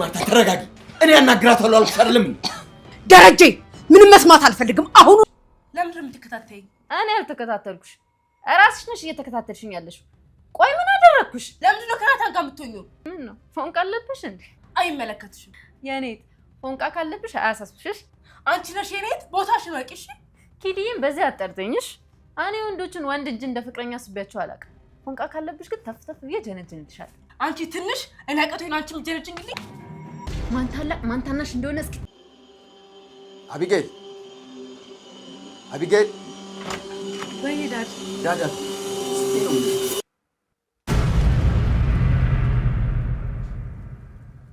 ማርታ ተረጋጊ። እኔ ያናግራታለሁ አልኩሽ አይደለም? ደረጀ ምንም መስማት አልፈልግም። አሁኑ ለምንድን ነው የምትከታተይኝ? እኔ አልተከታተልኩሽ፣ እራስሽ ነሽ እየተከታተልሽኝ ያለሽ። ቆይ ምን አደረግኩሽ? ለምንድን ነው ከናታን ጋር የምትሆኚው? ምን ነው ፎንቃ አለብሽ እንዴ? አይመለከትሽም። የኔት ፎንቃ ካለብሽ አያሳስብሽሽ። አንቺ ነሽ የኔት፣ ቦታሽን ወቂሽ። ኪድዬም በዚህ አጠርጥኝሽ። እኔ ወንዶችን ወንድ እንጂ እንደ ፍቅረኛ አስቤያቸው አላውቅም። ፎንቃ ካለብሽ ግን ተፍተፍ ብዬ ጀነጀንልሻለሁ። አንቺ ትንሽ እኔ አቀቶኝ አንቺ ጀነጀንልኝ ማን ታላቅ ማን ታናሽ እንደሆነ እስኪ አቢጌል አቢጌል ወይኔ ዳድ ዳዳ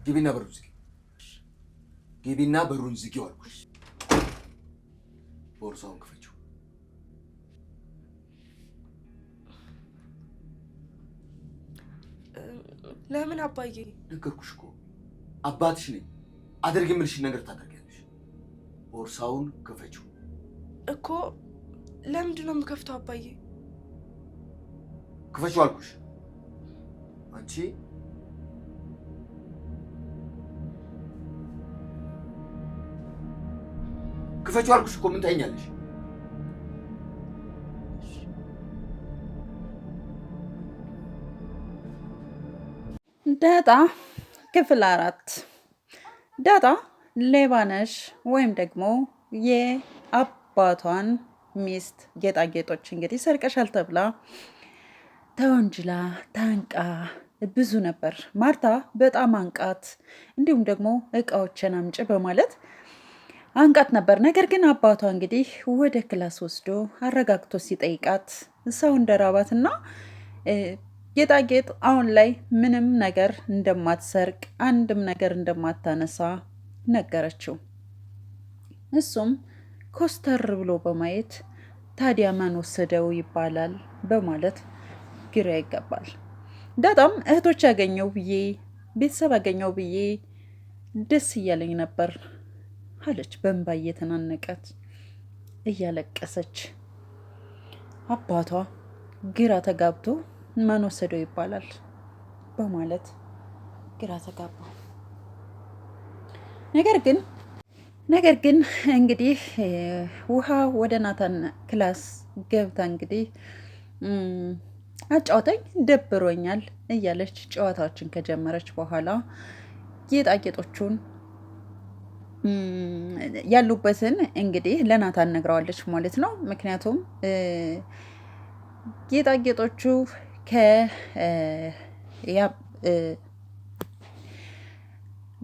ግቢና በሩን ዝጊ። ግቢና በሩን ዝጊ አልኩሽ። ቦርሳውን ክፈችው። ለምን አባዬ? ነገርኩሽ እኮ አባትሽ ነኝ። አድርግ የምልሽን ነገር ታደርጊያለሽ። ቦርሳውን ክፈችው። እኮ ለምንድን ነው የምከፍተው አባዬ? ክፈችው አልኩሽ። አንቺ ክፈችው አልኩሽ እኮ ምን ታይኛለሽ? ዳጣ ክፍል አራት ዳጣ ሌባ ነሽ ወይም ደግሞ የአባቷን ሚስት ጌጣጌጦች እንግዲህ ሰርቀሻል ተብላ ተወንጅላ ታንቃ ብዙ ነበር። ማርታ በጣም አንቃት፣ እንዲሁም ደግሞ እቃዎችን አምጭ በማለት አንቃት ነበር። ነገር ግን አባቷ እንግዲህ ወደ ክላስ ወስዶ አረጋግቶ ሲጠይቃት ሰው እንደራባትና ጌጣጌጥ አሁን ላይ ምንም ነገር እንደማትሰርቅ አንድም ነገር እንደማታነሳ ነገረችው። እሱም ኮስተር ብሎ በማየት ታዲያ ማን ወሰደው ይባላል በማለት ግራ ይገባል። ዳጣም እህቶች ያገኘው ብዬ ቤተሰብ ያገኘው ብዬ ደስ እያለኝ ነበር አለች በእንባ እየተናነቀች እያለቀሰች። አባቷ ግራ ተጋብቶ ማን ወሰደው ይባላል በማለት ግራ ተጋባ። ነገር ግን ነገር ግን እንግዲህ ውሃ ወደ ናታን ክላስ ገብታ እንግዲህ አጫውተኝ ደብሮኛል እያለች ጨዋታዎችን ከጀመረች በኋላ ጌጣጌጦቹን ያሉበትን እንግዲህ ለናታን ነግረዋለች ማለት ነው። ምክንያቱም ጌጣጌጦቹ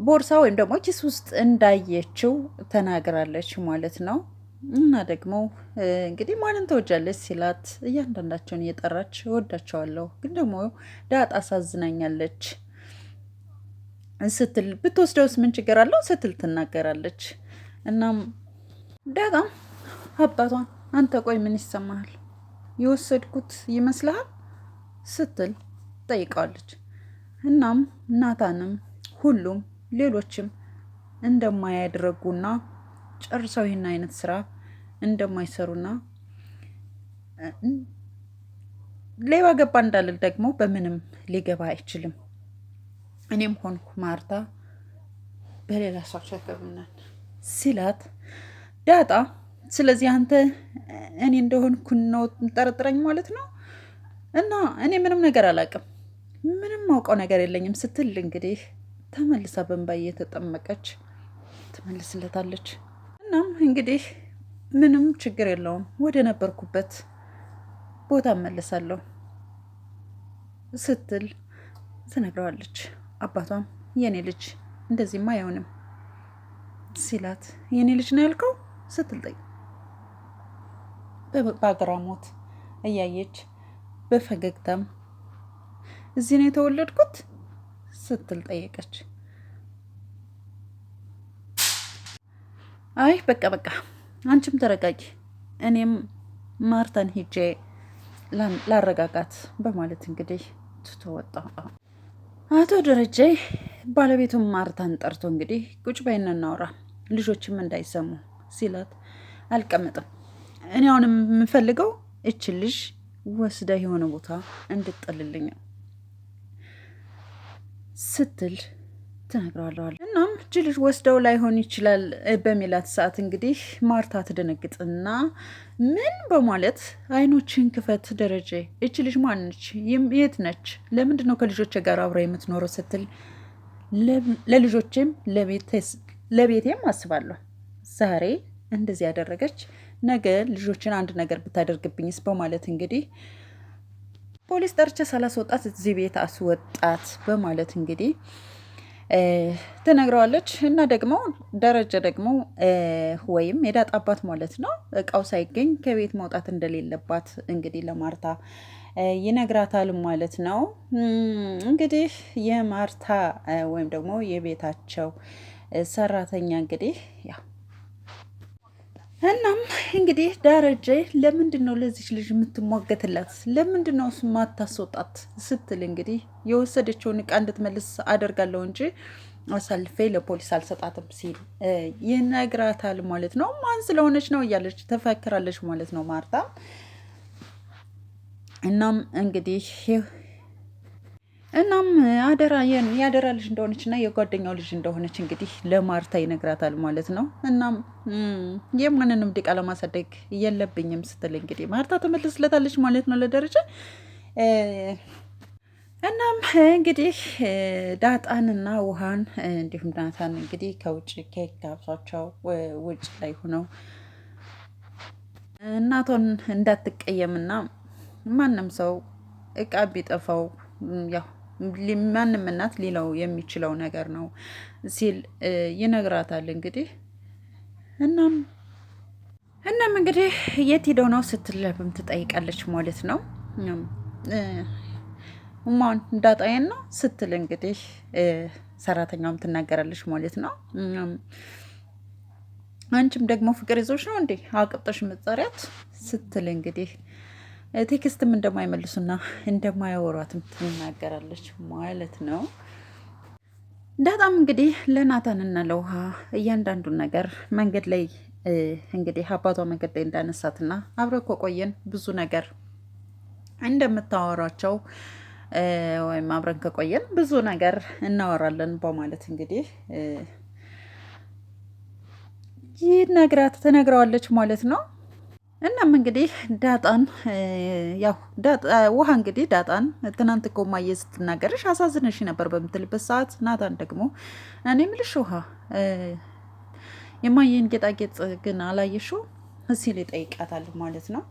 ቦርሳ ወይም ደግሞ ኪስ ውስጥ እንዳየችው ተናግራለች ማለት ነው። እና ደግሞ እንግዲህ ማንን ተወጃለች ሲላት እያንዳንዳቸውን እየጠራች እወዳቸዋለሁ፣ ግን ደግሞ ዳጣ አሳዝናኛለች ስትል ብትወስደውስ ምን ችግር አለው ስትል ትናገራለች። እናም ዳጣም አባቷን አንተ ቆይ ምን ይሰማሃል? የወሰድኩት ይመስልሃል? ስትል ጠይቀዋለች። እናም ናታንም ሁሉም ሌሎችም እንደማያደረጉና ጨርሰው ይህን አይነት ስራ እንደማይሰሩና ሌባ ገባ እንዳልል ደግሞ በምንም ሊገባ አይችልም። እኔም ሆንኩ ማርታ በሌላ ሰው ሲላት ዳጣ፣ ስለዚህ አንተ እኔ እንደሆንኩ ነው ጠረጥረኝ ማለት ነው እና እኔ ምንም ነገር አላውቅም፣ ምንም አውቀው ነገር የለኝም ስትል እንግዲህ ተመልሳ በእንባ እየተጠመቀች ትመልስለታለች። እናም እንግዲህ ምንም ችግር የለውም ወደ ነበርኩበት ቦታ እመለሳለሁ ስትል ትነግረዋለች። አባቷም የኔ ልጅ እንደዚህማ አይሆንም ሲላት የኔ ልጅ ነው ያልከው ስትል ጠይቅ በአግራሞት እያየች በፈገግታም እዚህ ነው የተወለድኩት ስትል ጠየቀች። አይ በቃ በቃ አንቺም ተረጋጊ፣ እኔም ማርታን ሂጄ ላረጋጋት በማለት እንግዲህ ትቶ ወጣ። አቶ ደረጀ ባለቤቱን ማርታን ጠርቶ እንግዲህ ቁጭ በይና እናውራ ልጆችም እንዳይሰሙ ሲላት አልቀመጥም እኔ አሁን የምፈልገው እችን ልጅ ወስደህ የሆነ ቦታ እንድጠልልኝ ነው ስትል ትነግረዋለዋል። እናም እጅ ወስደው ላይሆን ይችላል በሚላት ሰዓት እንግዲህ ማርታ ትደነግጥና ምን በማለት አይኖችን ክፈት ደረጀ፣ እች ልጅ ማንች? የት ነች? ለምንድ ነው ከልጆች ጋር አብረ የምትኖረው? ስትል ለልጆቼም ለቤቴም አስባለሁ ዛሬ እንደዚህ ያደረገች ነገ ልጆችን አንድ ነገር ብታደርግብኝስ በማለት እንግዲህ ፖሊስ ጠርቼ ሳላስወጣት እዚህ ቤት አስወጣት በማለት እንግዲህ ትነግረዋለች እና ደግሞ ደረጀ ደግሞ ወይም የዳጣ አባት ማለት ነው እቃው ሳይገኝ ከቤት መውጣት እንደሌለባት እንግዲህ ለማርታ ይነግራታል ማለት ነው። እንግዲህ የማርታ ወይም ደግሞ የቤታቸው ሰራተኛ እንግዲህ ያው እናም እንግዲህ ደረጀ ለምንድን ነው ለዚች ልጅ የምትሟገትላት? ለምንድን ነው እሱማ ስትል እንግዲህ የወሰደችውን ዕቃ እንድትመልስ አደርጋለሁ እንጂ አሳልፌ ለፖሊስ አልሰጣትም ሲል ይነግራታል ማለት ነው። ማን ስለሆነች ነው እያለች ተፈክራለች ማለት ነው ማርታ። እናም እንግዲህ እናም አደራ የአደራ ልጅ እንደሆነች እና የጓደኛው ልጅ እንደሆነች እንግዲህ ለማርታ ይነግራታል ማለት ነው። እናም የማንንም ዲቃ ለማሳደግ የለብኝም ስትል እንግዲህ ማርታ ትመልስለታለች ማለት ነው ለደረጃ እናም እንግዲህ ዳጣን እና ውሃን እንዲሁም ዳታን እንግዲህ ከውጭ ኬክ ጋብዟቸው ውጭ ላይ ሆነው እናቶን እንዳትቀየምና ማንም ሰው እቃ ቢጠፋው ያው ማንም እናት ሊለው የሚችለው ነገር ነው ሲል ይነግራታል። እንግዲህ እናም እናም እንግዲህ የት ሄደው ነው ስትለብም ትጠይቃለች ማለት ነው። ማን እንዳጣየን ነው ስትል እንግዲህ ሰራተኛውም ትናገራለች ማለት ነው። አንቺም ደግሞ ፍቅር ይዞች ነው እንዴ አቅብጠሽ መጠሪያት ስትል እንግዲህ ቴክስትም እንደማይመልሱና እንደማያወሯትም ትናገራለች ማለት ነው። ዳጣም እንግዲህ ለናታንና ለውሃ እያንዳንዱን ነገር መንገድ ላይ እንግዲህ አባቷ መንገድ ላይ እንዳነሳትና አብረን ከቆየን ብዙ ነገር እንደምታወሯቸው ወይም አብረን ከቆየን ብዙ ነገር እናወራለን በማለት እንግዲህ ይህ ነግራት ተነግረዋለች ማለት ነው። እናም እንግዲህ ዳጣን ያው ውሃ እንግዲህ ዳጣን ትናንት እኮ እማዬ ስትናገርሽ አሳዝነሽ ነበር በምትልበት ሰዓት ናታን ደግሞ እኔ ምልሽ ውሃ የማየን ጌጣጌጥ ግን አላየሽው ሲል ይጠይቃታል ማለት ነው።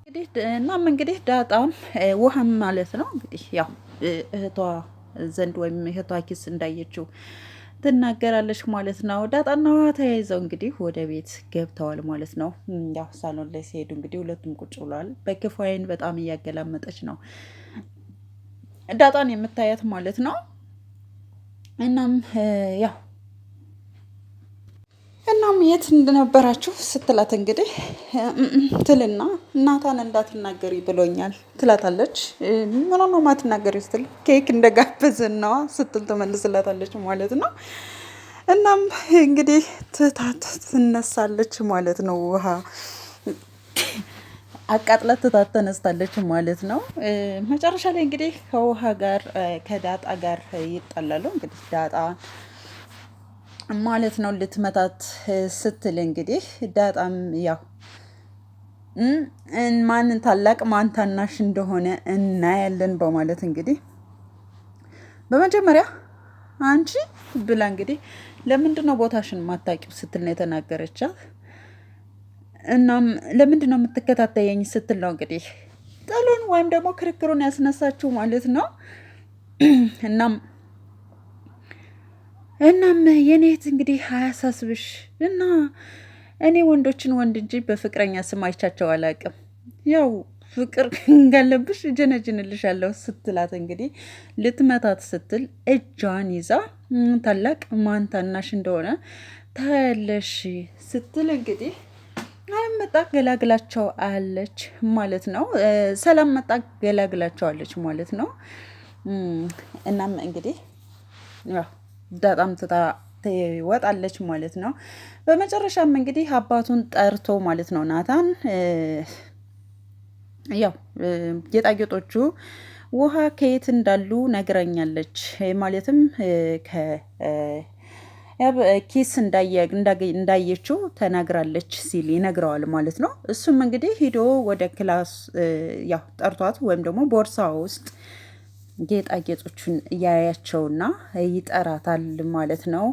እንግዲህ እናም እንግዲህ ዳጣም ውሃም ማለት ነው እንግዲህ ያው እህቷ ዘንድ ወይም እህቷ ኪስ እንዳየችው ትናገራለች ማለት ነው። ዳጣና ውሃ ተያይዘው እንግዲህ ወደ ቤት ገብተዋል ማለት ነው። ያው ሳሎን ላይ ሲሄዱ እንግዲህ ሁለቱም ቁጭ ብለዋል። በክፉ አይን በጣም እያገላመጠች ነው ዳጣን የምታያት ማለት ነው። እናም ያው እናም የት እንደነበራችሁ ስትላት እንግዲህ ትልና እናታን እንዳትናገሪ ብሎኛል ትላታለች። ምን ነው ማትናገሪ ስትል ኬክ እንደጋበዝን ነዋ ስትል ትመልስላታለች ማለት ነው። እናም እንግዲህ ትታት ትነሳለች ማለት ነው። ውሃ አቃጥላት ትታት ተነስታለች ማለት ነው። መጨረሻ ላይ እንግዲህ ከውሃ ጋር ከዳጣ ጋር ይጣላሉ እንግዲህ ዳጣ ማለት ነው ልትመታት ስትል እንግዲህ ዳጣም ያው ማንን ታላቅ ማን ታናሽ እንደሆነ እናያለን በማለት እንግዲህ በመጀመሪያ አንቺ ብላ እንግዲህ ለምንድን ነው ቦታሽን ማታቂው ስትል ነው የተናገረቻት። እናም ለምንድን ነው የምትከታተየኝ ስትል ነው እንግዲህ ጥሉን ወይም ደግሞ ክርክሩን ያስነሳችው ማለት ነው እናም እናም የኔት እንግዲህ አያሳስብሽ እና እኔ ወንዶችን ወንድ እንጂ በፍቅረኛ ስም አይቻቸው አላውቅም። ያው ፍቅር እንዳለብሽ እጀነጅንልሻለሁ ስትላት እንግዲህ ልትመታት ስትል እጇን ይዛ ታላቅ ማን ታናሽ እንደሆነ ታያለሽ ስትል እንግዲህ ሰላም መጣ ገላግላቸው አለች ማለት ነው። ሰላም መጣ ገላግላቸው አለች ማለት ነው። እናም እንግዲህ በጣም ትታ ትወጣለች ማለት ነው። በመጨረሻም እንግዲህ አባቱን ጠርቶ ማለት ነው ናታን ያው ጌጣጌጦቹ ውሃ ከየት እንዳሉ ነግረኛለች። ማለትም ኪስ እንዳየችው ተናግራለች ሲል ይነግረዋል ማለት ነው። እሱም እንግዲህ ሂዶ ወደ ክላስ ያው ጠርቷት ወይም ደግሞ ቦርሳ ውስጥ ጌጣጌጦቹን ና ይጠራታል ማለት ነው።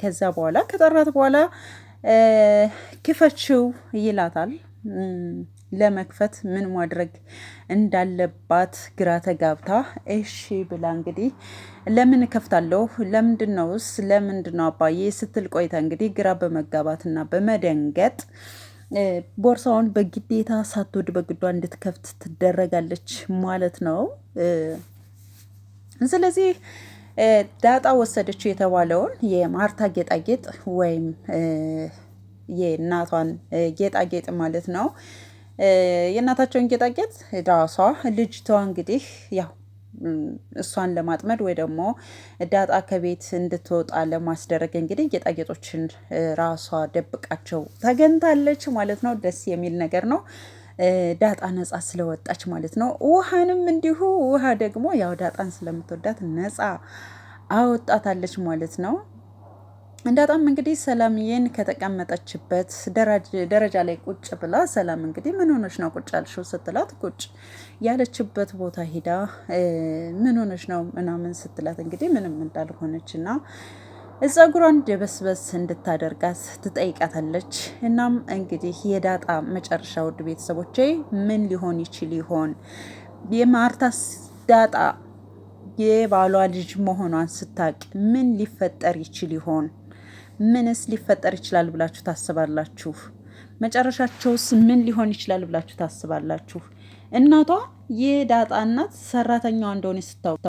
ከዛ በኋላ ከጠራት በኋላ ክፈችው ይላታል። ለመክፈት ምን ማድረግ እንዳለባት ግራ ተጋብታ እሺ ብላ እንግዲህ ለምን እከፍታለሁ ለምንድን ነውስ ለምንድን ነው አባዬ ስትል ቆይታ እንግዲህ ግራ በመጋባትና በመደንገጥ ቦርሳውን በግዴታ ሳትወድ በግዷ እንድትከፍት ትደረጋለች ማለት ነው። ስለዚህ ዳጣ ወሰደችው የተባለውን የማርታ ጌጣጌጥ ወይም የእናቷን ጌጣጌጥ ማለት ነው። የእናታቸውን ጌጣጌጥ ዳሷ ልጅቷ እንግዲህ ያው እሷን ለማጥመድ ወይ ደግሞ ዳጣ ከቤት እንድትወጣ ለማስደረግ እንግዲህ ጌጣጌጦችን ራሷ ደብቃቸው ተገንታለች ማለት ነው። ደስ የሚል ነገር ነው። ዳጣ ነጻ ስለወጣች ማለት ነው። ውሃንም እንዲሁ ውሃ ደግሞ ያው ዳጣን ስለምትወዳት ነጻ አወጣታለች ማለት ነው። እንዳጣም እንግዲህ ሰላምዬን ከተቀመጠችበት ደረጃ ላይ ቁጭ ብላ ሰላም እንግዲህ ምን ሆነች ነው ቁጭ ያልሽው? ስትላት ቁጭ ያለችበት ቦታ ሂዳ ምን ሆነች ነው ምናምን ስትላት እንግዲህ ምንም እንዳልሆነች እና ጸጉሯን ደበስበስ እንድታደርጋት ትጠይቃታለች። እናም እንግዲህ የዳጣ መጨረሻ ውድ ቤተሰቦቼ ምን ሊሆን ይችል ይሆን? የማርታስ ዳጣ የባሏ ልጅ መሆኗን ስታቅ ምን ሊፈጠር ይችል ይሆን? ምንስ ሊፈጠር ይችላል ብላችሁ ታስባላችሁ? መጨረሻቸውስ ምን ሊሆን ይችላል ብላችሁ ታስባላችሁ? እናቷ የዳጣ እናት ሰራተኛዋ እንደሆነ ስታውቅ